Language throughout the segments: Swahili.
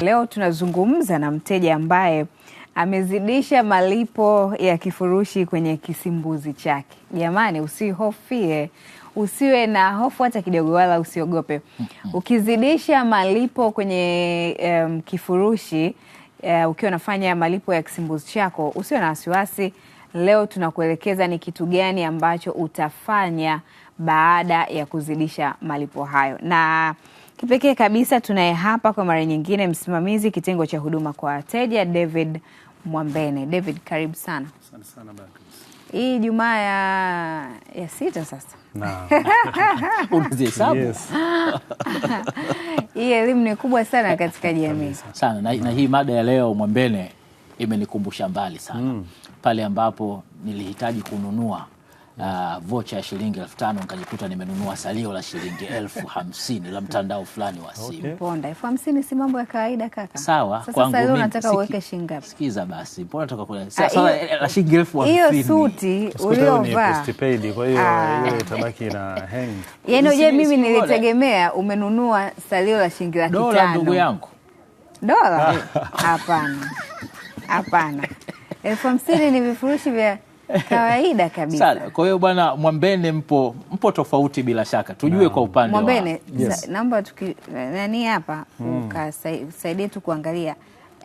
Leo tunazungumza na mteja ambaye amezidisha malipo ya kifurushi kwenye kisimbuzi chake. Jamani, usihofie, usiwe na hofu hata kidogo, wala usiogope. Ukizidisha malipo kwenye um, kifurushi uh, ukiwa unafanya malipo ya kisimbuzi chako, usiwe na wasiwasi Leo tunakuelekeza ni kitu gani ambacho utafanya baada ya kuzidisha malipo hayo, na kipekee kabisa tunaye hapa kwa mara nyingine msimamizi kitengo cha huduma kwa wateja David Mwambene. David, karibu sana. Asante sana Hii Jumaa ya, ya sita sasa Hii elimu ni kubwa sana katika jamii sana na, na hii mada ya leo Mwambene imenikumbusha mbali sana mm. pale ambapo nilihitaji kununua Uh, vocha ya shilingi elfu tano nikajikuta nimenunua salio la shilingi elfu hamsini la mtandao fulani wa simu. Ponda elfu hamsini si mambo ya kawaida kaka. Sawa, kwangu mimi nataka uweke shilingi ngapi? Sikiza basi, mbona nataka kule ah, la shilingi elfu hamsini hiyo suti uliovaa postpaid, kwa hiyo ah. hiyo itabaki na hang. Yaani uje mimi nilitegemea umenunua salio la shilingi laki tano dola ndugu yangu dola ah. hapana Hapana, elfu hamsini ni vifurushi vya kawaida kabisa. Kwa hiyo bwana Mwambene, mpo mpo tofauti bila shaka, tujue Kwa upande Mwambene, yes. Naomba tuki nani hapa hmm. Ukasaidie tu kuangalia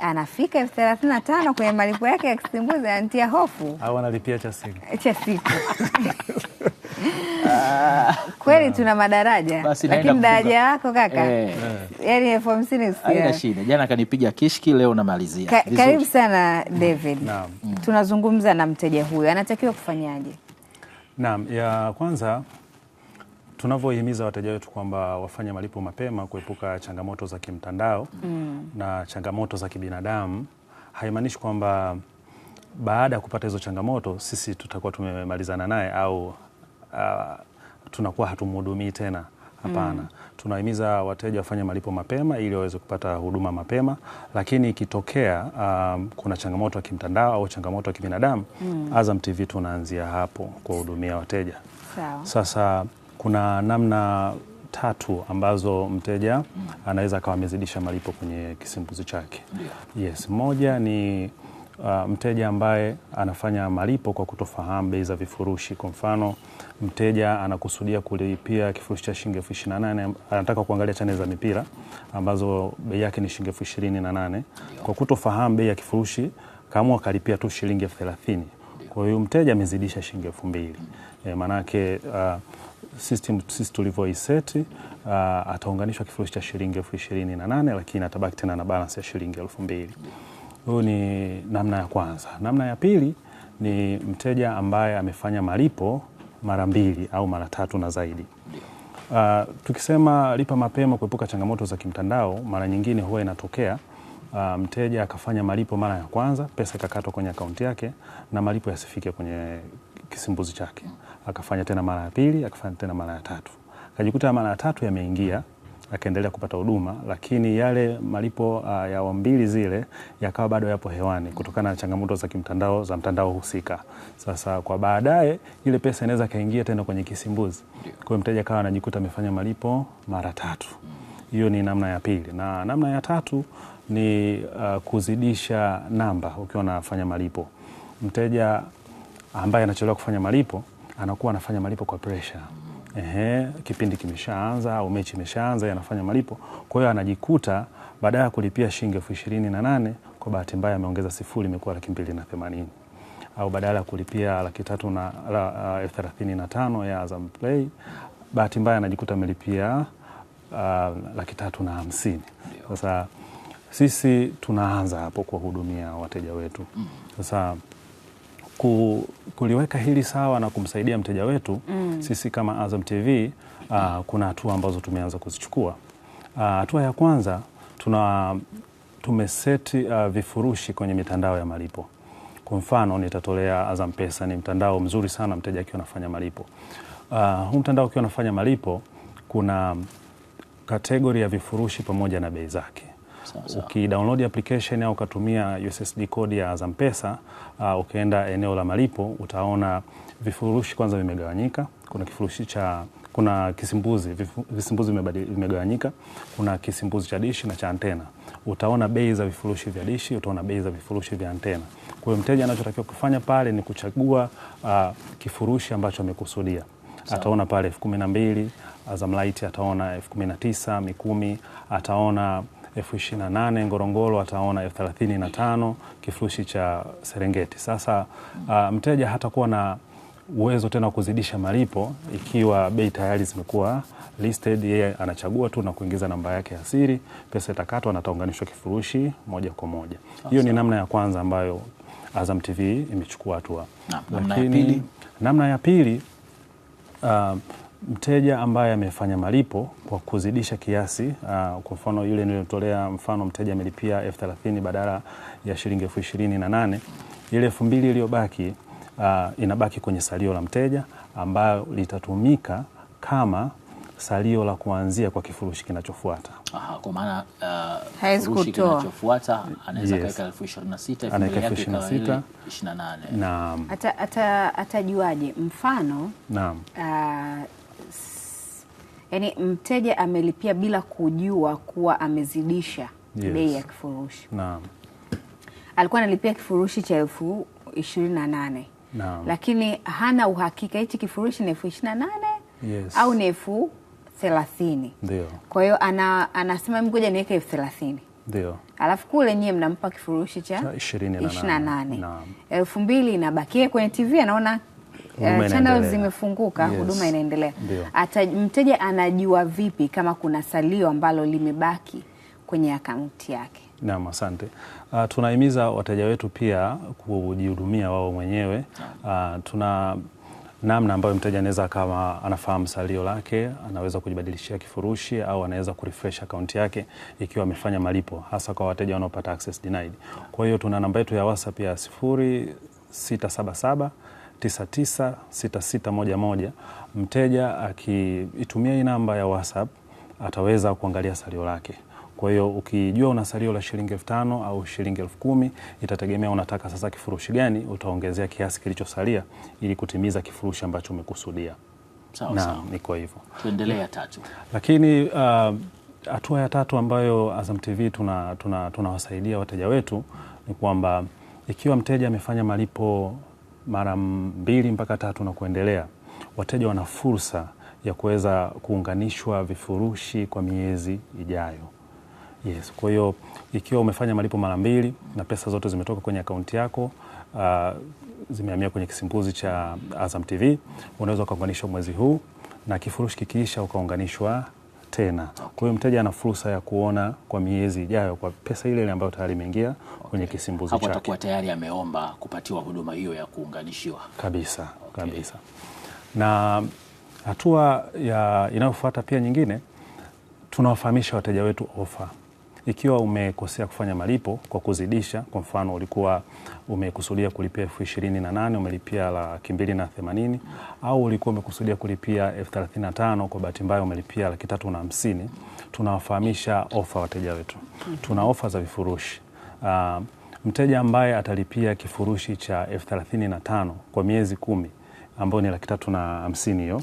anafika elfu thelathini na tano kwenye malipo yake ya kisimbuzi, antia hofu au analipia cha siku cha siku kweli tuna madaraja lakini daraja yako kaka eh. yani elfu hamsini eh? shida. Jana kanipiga kishki, leo namalizia. Ka, karibu sana David. Mm. Tunazungumza na mteja huyu, anatakiwa kufanyaje? Naam, ya kwanza tunavyohimiza wateja wetu kwamba wafanye malipo mapema kuepuka changamoto za kimtandao mm. na changamoto za kibinadamu, haimaanishi kwamba baada ya kupata hizo changamoto sisi tutakuwa tumemalizana naye au Uh, tunakuwa hatumhudumii tena. Hapana, mm. Tunahimiza wateja wafanye malipo mapema ili waweze kupata huduma mapema, lakini ikitokea um, kuna changamoto ya kimtandao au changamoto ya kibinadamu mm. Azam TV tunaanzia hapo kuwahudumia wateja Sao. Sasa kuna namna tatu ambazo mteja mm. anaweza akawa amezidisha malipo kwenye kisimbuzi chake yeah. Yes, moja ni uh, mteja ambaye anafanya malipo kwa kutofahamu bei za vifurushi. Kwa mfano, mteja anakusudia kulipia kifurushi cha shilingi elfu ishirini na nane anataka kuangalia chaneli za mipira ambazo bei yake ni shilingi elfu ishirini na nane Kwa kutofahamu bei ya kifurushi, kama akalipia tu shilingi elfu thelathini Kwa hiyo mteja amezidisha shilingi elfu mbili E, eh, maanake uh, system sisi tulivyoiseti uh, ataunganishwa kifurushi cha shilingi elfu ishirini na nane lakini atabaki tena na balance ya shilingi elfu mbili Huyu ni namna ya kwanza. Namna ya pili ni mteja ambaye amefanya malipo mara mbili au mara tatu na zaidi. Uh, tukisema lipa mapema kuepuka changamoto za kimtandao, mara nyingine huwa inatokea uh, mteja akafanya malipo mara ya kwanza, pesa ikakatwa kwenye akaunti yake na malipo yasifike kwenye kisimbuzi chake. Akafanya tena mara ya pili, akafanya tena mara ya tatu, akajikuta mara ya tatu yameingia akaendelea kupata huduma, lakini yale malipo uh, ya awamu mbili zile yakawa bado yapo hewani kutokana na changamoto za kimtandao za mtandao husika. Sasa kwa baadaye ile pesa inaweza kaingia tena kwenye kisimbuzi, kwa hiyo mteja akawa anajikuta amefanya malipo mara tatu. Hiyo ni namna ya pili, na namna ya tatu ni uh, kuzidisha namba ukiwa unafanya malipo. Mteja ambaye anachelewa kufanya malipo anakuwa anafanya malipo kwa pressure ehe, kipindi kimeshaanza au mechi imeshaanza, anafanya malipo. Kwa hiyo anajikuta baada ya kulipia shilingi elfu ishirini na nane kwa bahati mbaya ameongeza sifuri, imekuwa laki mbili na themanini au badala ya kulipia laki tatu na uh, elfu thelathini na tano ya Azam Play, bahati mbaya anajikuta amelipia uh, laki tatu na hamsini. Sasa sisi tunaanza hapo kuwahudumia wateja wetu. Mm. Sasa ku, kuliweka hili sawa na kumsaidia mteja wetu mm. Sisi kama Azam TV uh, kuna hatua ambazo tumeanza kuzichukua. Uh, hatua uh, ya kwanza tuna tumeseti uh, vifurushi kwenye mitandao ya malipo. Kwa mfano nitatolea Azam Pesa, ni mtandao mzuri sana mteja akiwa anafanya malipo uh, huu mtandao akiwa anafanya malipo kuna kategori ya vifurushi pamoja na bei zake. Ukidownload application au ukatumia USSD code ya Azam Pesa, uh, ukienda eneo la malipo utaona vifurushi kwanza vimegawanyika. Kuna kifurushi cha kuna kisimbuzi, visimbuzi vimegawanyika. Kuna kisimbuzi cha dishi na cha antena. Utaona bei za vifurushi vya dishi, utaona bei za vifurushi vya antena. Kwa hiyo mteja anachotakiwa kufanya pale ni kuchagua uh, kifurushi ambacho amekusudia. Ataona pale elfu kumi na mbili Azam ataona elfu kumi na tisa Mikumi, ataona elfu ishirini na nane Ngorongoro ataona elfu thelathini na tano kifurushi cha Serengeti. Sasa uh, mteja hatakuwa na uwezo tena wa kuzidisha malipo ikiwa bei tayari zimekuwa listed. Yeye anachagua tu na kuingiza namba yake ya siri, pesa itakatwa na ataunganishwa kifurushi moja kwa moja. Hiyo ni namna ya kwanza ambayo Azam TV imechukua hatua. Lakini namna ya pili uh, mteja ambaye amefanya malipo kwa kuzidisha kiasi uh, kwa mfano yule niliyotolea mfano mteja amelipia elfu thelathini badala ya shilingi elfu ishirini na nane ile elfu mbili iliyobaki uh, inabaki kwenye salio la mteja ambayo litatumika kama salio la kuanzia kwa kifurushi kinachofuata. Aha, kwa maana uh, kifurushi kinachofuata anaweza kaweka elfu ishirini na sita elfu ishirini na nane Naam. Atajuaje? Mfano naam. Uh, yani mteja amelipia bila kujua kuwa amezidisha yes, bei ya kifurushi. Naam. Alikuwa analipia kifurushi cha elfu ishirini na nane lakini hana uhakika hichi kifurushi ni elfu ishirini na nane yes, au ni elfu thelathini. Kwa hiyo ana, anasema mgoja niweke elfu thelathini ndio, alafu kule nyie mnampa kifurushi cha ishirini na nane elfu mbili inabakia kwenye TV anaona uh, channel zimefunguka, yes. Huduma inaendelea. Ata, mteja anajua vipi kama kuna salio ambalo limebaki kwenye akaunti yake? Naam, asante. Uh, tunahimiza wateja wetu pia kujihudumia wao mwenyewe. Uh, tuna namna ambayo mteja anaweza kama anafahamu salio lake, anaweza kujibadilishia kifurushi au anaweza kurefresh akaunti yake ikiwa amefanya malipo, hasa kwa wateja wanaopata access denied. Kwa hiyo tuna namba yetu ya WhatsApp ya 0677 996611. Mteja akiitumia hii namba ya WhatsApp ataweza kuangalia salio lake. Kwa hiyo ukijua una salio la shilingi elfu tano au shilingi elfu kumi itategemea unataka sasa kifurushi gani, utaongezea kiasi kilichosalia ili kutimiza kifurushi ambacho umekusudia. Sawa, ni kwa hivyo. Tuendelee ya tatu. Lakini uh, hatua uh, ya tatu ambayo Azam TV tunawasaidia tuna, tuna wateja wetu ni kwamba ikiwa mteja amefanya malipo mara mbili mpaka tatu na kuendelea, wateja wana fursa ya kuweza kuunganishwa vifurushi kwa miezi ijayo. Yes, kwa hiyo ikiwa umefanya malipo mara mbili na pesa zote zimetoka kwenye akaunti yako uh, zimehamia kwenye kisimbuzi cha Azam TV, unaweza ukaunganishwa mwezi huu na kifurushi kikiisha ukaunganishwa tena. Kwa hiyo mteja ana fursa ya kuona kwa miezi ijayo kwa pesa ile ile ambayo tayari imeingia kwenye okay, kisimbuzi chake. Hapo atakuwa tayari ameomba kupatiwa huduma hiyo ya kuunganishiwa kabisa, okay, kabisa. Na hatua inayofuata pia nyingine tunawafahamisha wateja wetu ofa ikiwa umekosea kufanya malipo kwa kuzidisha, kwa mfano ulikuwa umekusudia kulipia elfu ishirini na nane umelipia laki mbili na themanini au ulikuwa umekusudia kulipia elfu thelathini na tano kwa bahati mbaya umelipia laki tatu na hamsini tunawafahamisha ofa wateja wetu. Mhm. Tuna ofa za vifurushi uh, mteja ambaye atalipia kifurushi cha elfu thelathini na tano kwa miezi kumi ambayo ni laki tatu na hamsini hiyo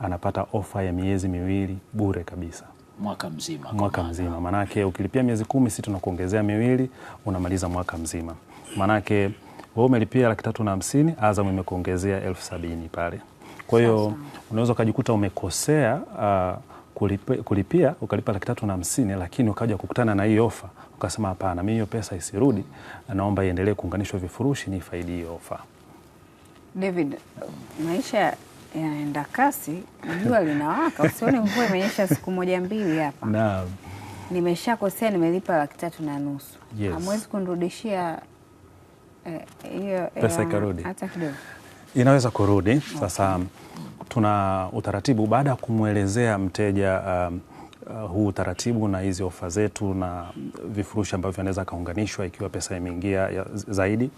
anapata ofa ya miezi miwili bure kabisa mwaka mzima, mwaka mzima. Manake ukilipia miezi kumi, na tunakuongezea miwili, unamaliza mwaka mzima. Manake wewe umelipia laki tatu na hamsini, Azam imekuongezea elfu sabini pale. Kwa hiyo unaweza ukajikuta umekosea uh, ah, kulipia, kulipia ukalipa laki tatu na hamsini lakini ukaja kukutana na hii ofa ukasema, hapana, mi hiyo pesa isirudi, naomba iendelee kuunganishwa vifurushi, ni faidi hiyo ofa. David, maisha yanaenda kasi, jua linawaka, usione mvua imenyesha siku moja mbili hapa. Naam. Nimeshakosea, nimelipa laki tatu na nusu. Yes. Hamwezi kunirudishia eh, hiyo eh, pesa ikarudi hata kidogo? Inaweza kurudi. Sasa okay. Tuna utaratibu baada ya kumwelezea mteja um, Uh, huu utaratibu na hizi ofa zetu na vifurushi ambavyo anaweza akaunganishwa ikiwa pesa imeingia zaidi,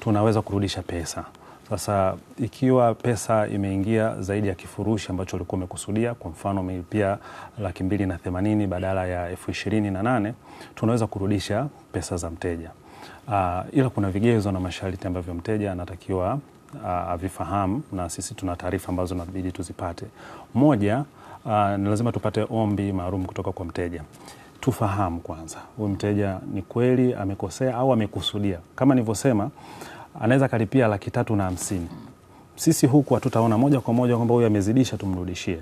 tunaweza kurudisha pesa. Sasa ikiwa pesa imeingia zaidi ya kifurushi ambacho ulikuwa umekusudia, kwa mfano umelipia laki mbili na themanini badala ya elfu ishirini na nane tunaweza kurudisha pesa za mteja. Uh, ila kuna vigezo na masharti ambavyo mteja anatakiwa uh, avifahamu na sisi tuna taarifa ambazo inabidi tuzipate. Moja, uh, ni lazima tupate ombi maalum kutoka kwa mteja tufahamu kwanza huyu mteja ni kweli amekosea au amekusudia. Kama nilivyosema anaweza kalipia laki tatu na hamsini sisi huku hatutaona moja kwa moja kwamba huyu amezidisha tumrudishie.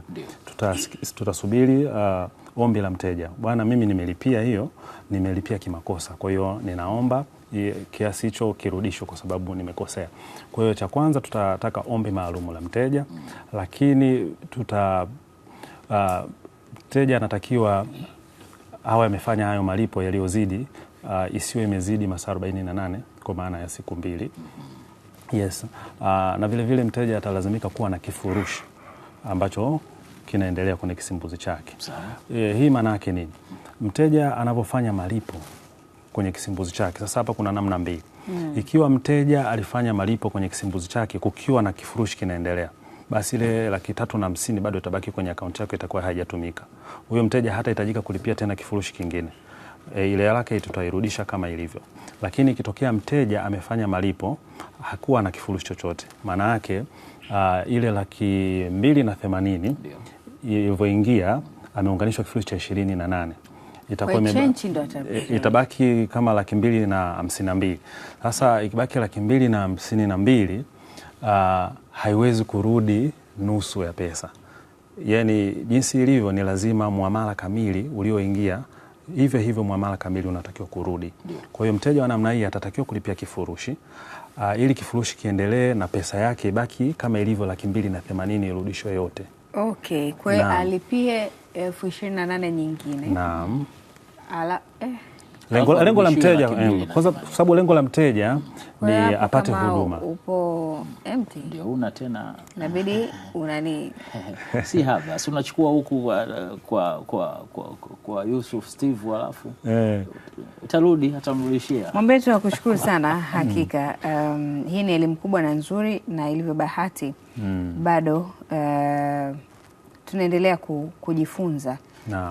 Tutasubiri tuta uh, ombi la mteja, bwana, mimi nimelipia hiyo, nimelipia kimakosa, kwa hiyo ninaomba kiasi hicho kirudishwe kwa sababu nimekosea. Kwa hiyo cha kwanza tutataka ombi maalumu la mteja, lakini tuta uh, mteja anatakiwa awe amefanya hayo malipo yaliyozidi, uh, isiwe imezidi masaa nane kwa maana ya siku mbili. Yes. Uh, na vile vile mteja atalazimika kuwa na kifurushi ambacho kinaendelea kwenye kisimbuzi chake. E, hii maana yake nini? Mteja anapofanya malipo kwenye kisimbuzi chake. Sasa hapa kuna namna mbili. Mm. Ikiwa mteja alifanya malipo kwenye kisimbuzi chake kukiwa na kifurushi kinaendelea, basi ile laki tatu na hamsini bado itabaki kwenye akaunti yako itakuwa haijatumika. Huyo mteja hatahitajika kulipia tena kifurushi kingine e, ile hela yake tutairudisha kama ilivyo. Lakini ikitokea mteja amefanya malipo hakuwa na kifurushi chochote, maana yake uh, ile laki mbili na themanini ilivyoingia ameunganishwa kifurushi cha ishirini na nane itakuwa e, itabaki kama laki mbili na hamsini na mbili. Sasa ikibaki laki mbili na hamsini na mbili uh, haiwezi kurudi nusu ya pesa, yaani jinsi ilivyo ni lazima muamala kamili ulioingia hivyo hivyo muamala kamili unatakiwa kurudi. Kwa hiyo mteja wa namna hii atatakiwa kulipia kifurushi uh, ili kifurushi kiendelee na pesa yake ibaki kama ilivyo laki mbili na themanini irudishwe yote. Okay, kwa hiyo alipie elfu ishirini na nane nyingine. Naam. Ala, eh lengo, lengo la mteja eh, kwanza, kwa sababu lengo la mteja ni apate huduma. Upo empty ndio una tena, inabidi unani si hapa, si unachukua huku kwa, kwa, kwa, kwa, kwa Yusuf Steve, alafu eh. utarudi atamrudishia. Mwambie tu nakushukuru sana mm. hakika. Um, hii ni elimu kubwa na nzuri na ilivyo bahati mm. bado uh, tunaendelea kujifunza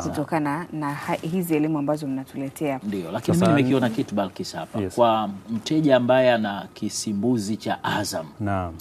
kutokana na hizi elimu ambazo mnatuletea. Ndio, lakini mimi nimekiona kitu Balkis hapa yes. Kwa mteja ambaye ana kisimbuzi cha Azam na.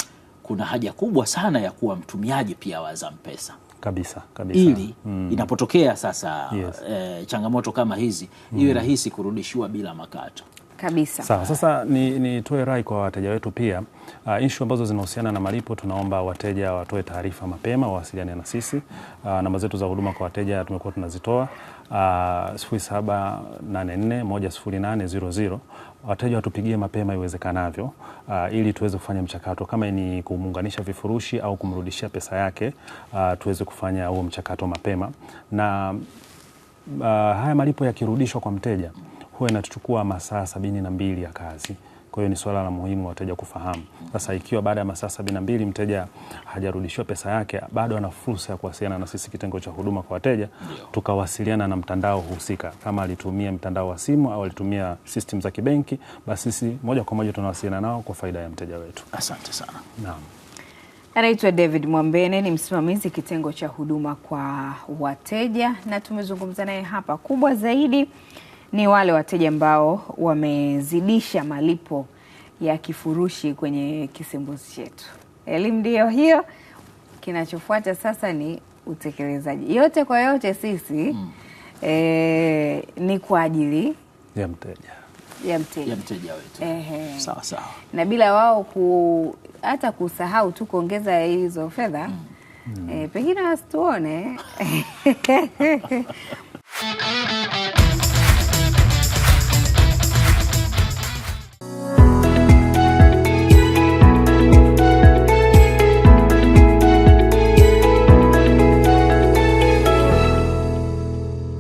Kuna haja kubwa sana ya kuwa mtumiaji pia wa Azam Pesa kabisa, kabisa. Ili mm. inapotokea sasa yes. e, changamoto kama hizi mm. iwe rahisi kurudishiwa bila makato. Kabisa. Sawa, sasa nitoe ni rai kwa wateja wetu pia. Uh, ah, ishu ambazo zinahusiana na malipo, tunaomba wateja watoe taarifa mapema, wawasiliane na sisi. Uh, namba zetu za huduma kwa wateja tumekuwa tunazitoa uh, ah, 0784108000 wateja watupigie mapema iwezekanavyo, uh, ili tuweze kufanya mchakato kama ni kumuunganisha vifurushi au kumrudishia pesa yake, uh, tuweze kufanya huo mchakato mapema na uh, haya malipo yakirudishwa kwa mteja huwa inatuchukua masaa sabini na mbili ya kazi. Kwa hiyo ni swala la muhimu wateja kufahamu. Sasa ikiwa baada ya masaa sabini na mbili mteja hajarudishiwa pesa yake, bado ana fursa ya kuwasiliana na sisi kitengo cha huduma kwa wateja, tukawasiliana na mtandao husika. Kama alitumia mtandao wa simu au alitumia system za kibenki, basi sisi moja kwa moja tunawasiliana nao kwa faida ya mteja wetu. Asante sana. Naam. Anaitwa David Mwambene, ni msimamizi kitengo cha huduma kwa wateja, na tumezungumza naye hapa kubwa zaidi ni wale wateja ambao wamezidisha malipo ya kifurushi kwenye kisimbuzi chetu. Elimu ndiyo hiyo. Kinachofuata sasa ni utekelezaji. Yote kwa yote sisi mm. e, ni kwa ajili ya mteja ya mteja, ya mteja wetu. Sawa sawa, na bila wao ku, hata kusahau tu kuongeza hizo fedha mm. mm. e, pengine wasituone